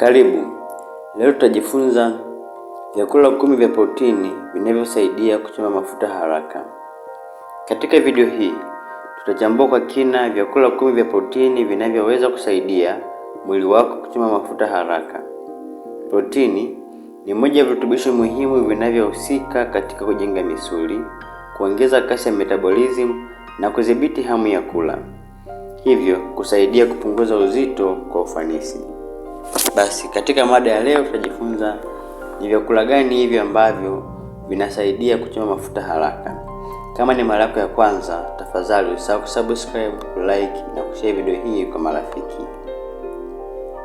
Karibu. Leo tutajifunza vyakula kumi vya protini vinavyosaidia kuchoma mafuta haraka. Katika video hii tutachambua kwa kina vyakula kumi vya protini vinavyoweza kusaidia mwili wako kuchoma mafuta haraka. Protini ni moja ya virutubisho muhimu vinavyohusika katika kujenga misuli, kuongeza kasi ya metabolism na kudhibiti hamu ya kula, hivyo kusaidia kupunguza uzito kwa ufanisi. Basi katika mada ya leo tutajifunza ni vyakula gani hivyo ambavyo vinasaidia kuchoma mafuta haraka. Kama ni mara yako ya kwanza, tafadhali usahau kusubscribe, like na kushare video hii kwa marafiki.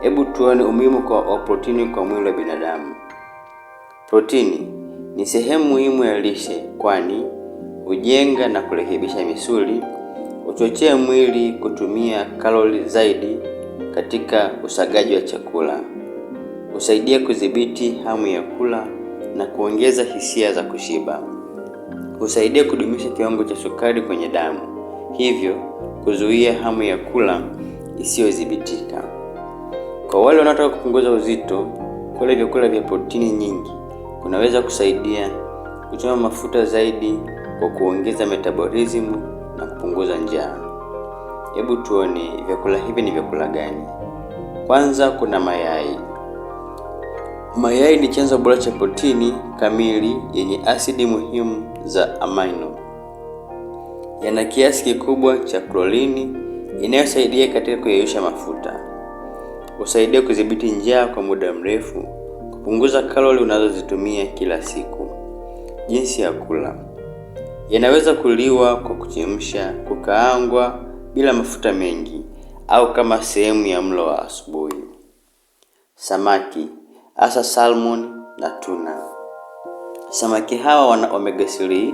Hebu tuone umuhimu wa protini kwa mwili wa binadamu. Protini ni sehemu muhimu ya lishe, kwani hujenga na kurekebisha misuli, huchochea mwili kutumia kalori zaidi katika usagaji wa chakula, husaidia kudhibiti hamu ya kula na kuongeza hisia za kushiba, husaidia kudumisha kiwango cha sukari kwenye damu, hivyo kuzuia hamu ya kula isiyodhibitika. Kwa wale wanaotaka kupunguza uzito, kula vyakula vya protini nyingi kunaweza kusaidia kuchoma mafuta zaidi kwa kuongeza metabolism na kupunguza njaa. Hebu tuone vyakula hivi ni vyakula gani. Kwanza kuna mayai. Mayai ni chanzo bora cha protini kamili yenye asidi muhimu za amino. Yana kiasi kikubwa cha klorini inayosaidia katika kuyeyusha mafuta, husaidia kudhibiti njaa kwa muda mrefu, kupunguza kalori unazozitumia kila siku. Jinsi ya kula: yanaweza kuliwa kwa kuchemsha, kukaangwa bila mafuta mengi au kama sehemu ya mlo wa asubuhi. Samaki hasa salmon na tuna. Samaki hawa wana omega 3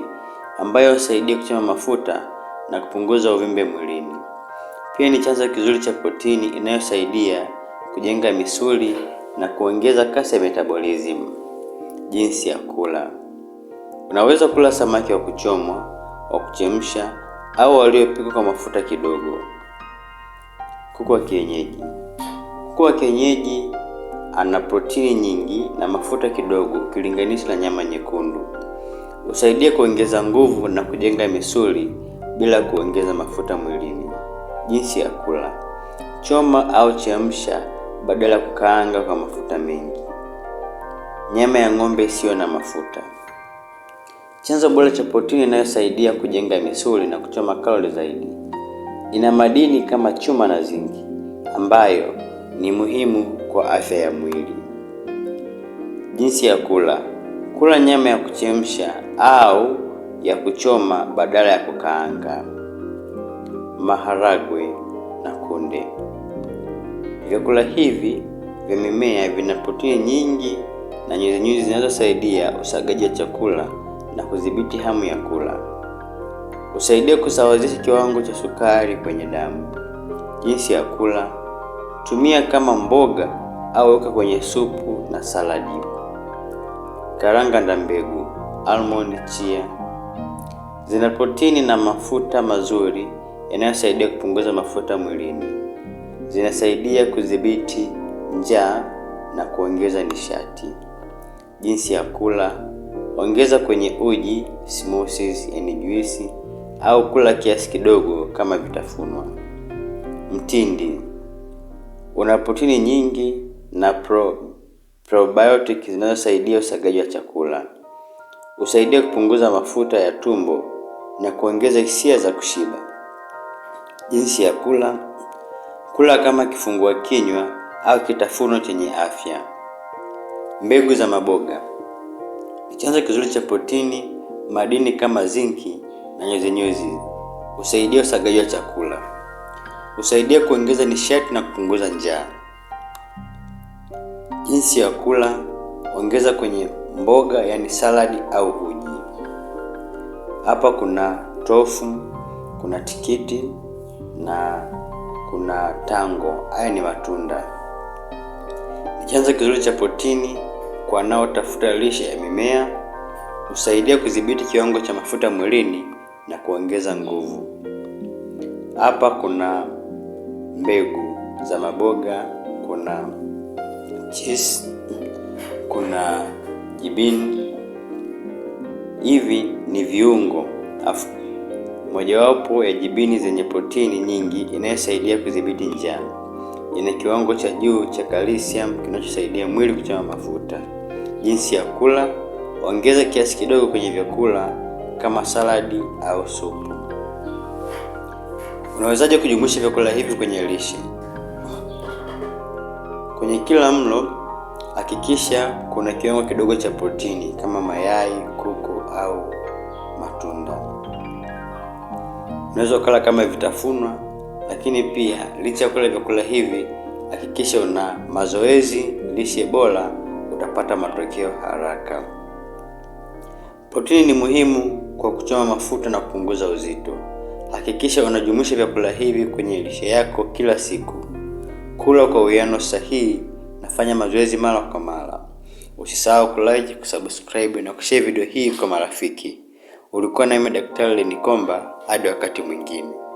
ambayo husaidia kuchoma mafuta na kupunguza uvimbe mwilini. Pia ni chanzo kizuri cha protini inayosaidia kujenga misuli na kuongeza kasi ya metabolism. Jinsi ya kula: unaweza kula samaki wa kuchomwa, wa kuchemsha au waliopikwa kwa mafuta kidogo. Kuku wa kienyeji. Kuku wa kienyeji ana protini nyingi na mafuta kidogo ukilinganisha na nyama nyekundu. Husaidia kuongeza nguvu na kujenga misuli bila kuongeza mafuta mwilini. Jinsi ya kula: choma au chemsha badala ya kukaanga kwa mafuta mengi. Nyama ya ng'ombe isiyo na mafuta. Chanzo bora cha protini inayosaidia kujenga misuli na kuchoma kalori zaidi. Ina madini kama chuma na zinki ambayo ni muhimu kwa afya ya mwili. Jinsi ya kula: kula nyama ya kuchemsha au ya kuchoma badala ya kukaanga. Maharagwe na kunde. Vyakula hivi vya mimea vina protini nyingi na nyuzinyuzi zinazosaidia usagaji wa chakula na kudhibiti hamu ya kula. Husaidia kusawazisha kiwango cha sukari kwenye damu. Jinsi ya kula: tumia kama mboga au weka kwenye supu na saladi. Karanga na mbegu almond, chia zina protini na mafuta mazuri yanayosaidia kupunguza mafuta mwilini. Zinasaidia kudhibiti njaa na kuongeza nishati. Jinsi ya kula Ongeza kwenye uji, smoothies yani juisi au kula kiasi kidogo kama vitafunwa. Mtindi una protini nyingi na pro, probiotic zinazosaidia usagaji wa chakula. Husaidia kupunguza mafuta ya tumbo na kuongeza hisia za kushiba. Jinsi ya kula: kula kama kifungua kinywa au kitafuno chenye afya. Mbegu za maboga Chanzo kizuri cha protini, madini kama zinki na nyuzinyuzi husaidia usagaji wa chakula, husaidia kuongeza nishati na kupunguza njaa. Jinsi ya kula: ongeza kwenye mboga, yaani saladi au uji. Hapa kuna tofu, kuna tikiti na kuna tango. Haya ni matunda. Ni chanzo kizuri cha protini kwa wanaotafuta lishe ya mimea, husaidia kudhibiti kiwango cha mafuta mwilini na kuongeza nguvu. Hapa kuna mbegu za maboga, kuna chisi, kuna jibini. Hivi ni viungo afu mojawapo ya jibini zenye protini nyingi inayosaidia kudhibiti njaa. Ina kiwango cha juu cha kalsiamu kinachosaidia mwili kuchoma mafuta jinsi ya kula, ongeza kiasi kidogo kwenye vyakula kama saladi au supu. Unawezaje kujumuisha vyakula hivi kwenye lishe? Kwenye kila mlo hakikisha kuna kiwango kidogo cha protini kama mayai, kuku au matunda. Unaweza ukala kama vitafunwa, lakini pia licha ya kula vyakula hivi hakikisha una mazoezi, lishe bora kupata matokeo haraka. Protini ni muhimu kwa kuchoma mafuta na kupunguza uzito. Hakikisha unajumuisha vyakula hivi kwenye lishe yako kila siku. Kula kwa uwiano sahihi na fanya mazoezi mara kwa mara. Usisahau kulike, kusubscribe na kushare video hii kwa marafiki. Ulikuwa nami Daktari Lenikomba, hadi wakati mwingine.